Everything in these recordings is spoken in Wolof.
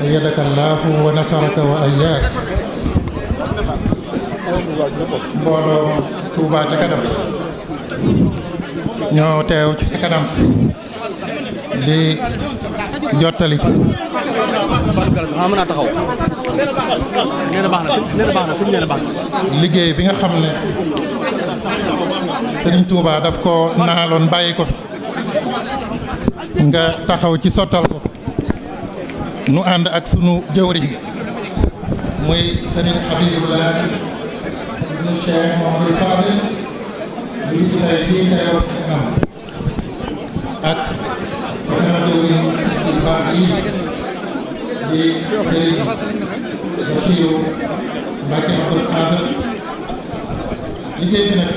أيدك الله ونصرك وأياك mbooloo Touba ca kanam ñoo teew ci sa kanam di jottali liggéey bi nga xam ne Serigne Touba daf ko naaloon bàyyi ko nga taxaw ci sottal ko nu ànd ak sunu jëwriñ muy Serigne Habibullah ibnu Cheikh Mamadou Fadil lu ñu lay fii ngay wax si anam ak sama jëwriñ ci baax yi di Serigne Bassirou Mbacké Abdoul liggéey bi nag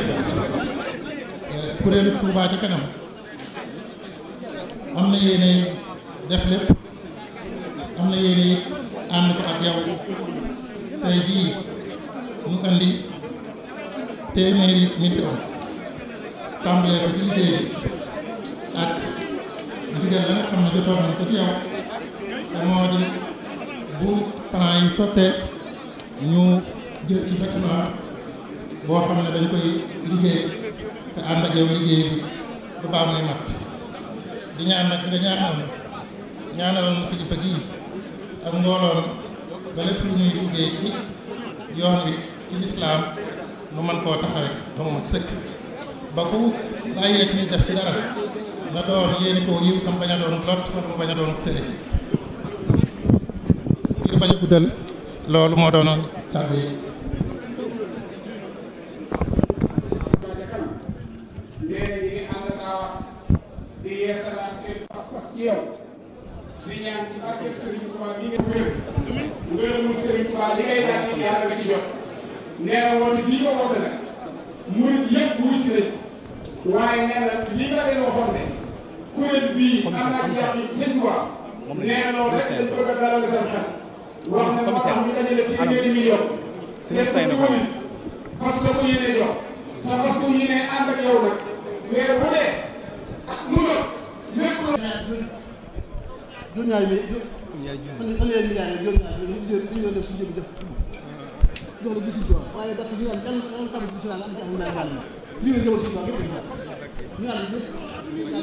kuréelu Touba kanam am na yéene def lépp ak yow tey te moo di bu plan yi sotte ñu jël ci bâtiment boo xam ne dañ koy liggéey te ànd ak liggéey bi ba baa muy mat di ñaan nag nga ñaanal ñaanaloon kilifa gii ak mbooloon ba lépp lu ñuy liggéey ci yoon wi ci lislaam nu man koo taxawee ba mu sëkk ba ku bàyyee ci def ci dara na doon yéeni koo yiw tam bañ a doon lot wala a doon tële ngir bañ guddal loolu moo doonoon kàddu di ñaan ci barke Serigne Touba bi nga wér ngërëmul Serigne Touba li ngay ñaan yàlla nga ci jot nee na woote bii ko woote nag murit yëpp wuy si nañ waaye nee na li nga leen ne kuréel bii am naa ci yàq sëñ Touba nee na loolu rek dañ bëgg a dalal seen xel wax moo tax ñu dajale téeméeri million te suñu commune parce que ku yéene jox te nag mais bu dee ak mu lépp juróom-ñaari mi juróom-ñaari ñu ñu def suñu ci am naa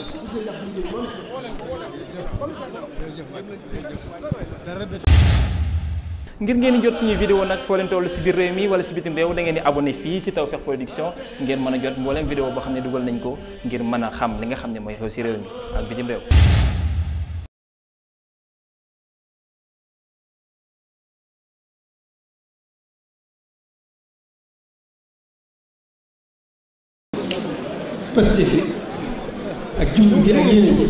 ngir ngeen jot suñuy vidéo nag foo leen si biir réew mi wala si bitim réew da ngeen di abonné fii si Tawfekh Production ngeen mën a jot mbooleem vidéo boo xam ne dugal nañ ko ngir mën a xam li nga xam ne mooy xew si réew mi ak bitim réew pëstéef bi ak jublu gi ak yéene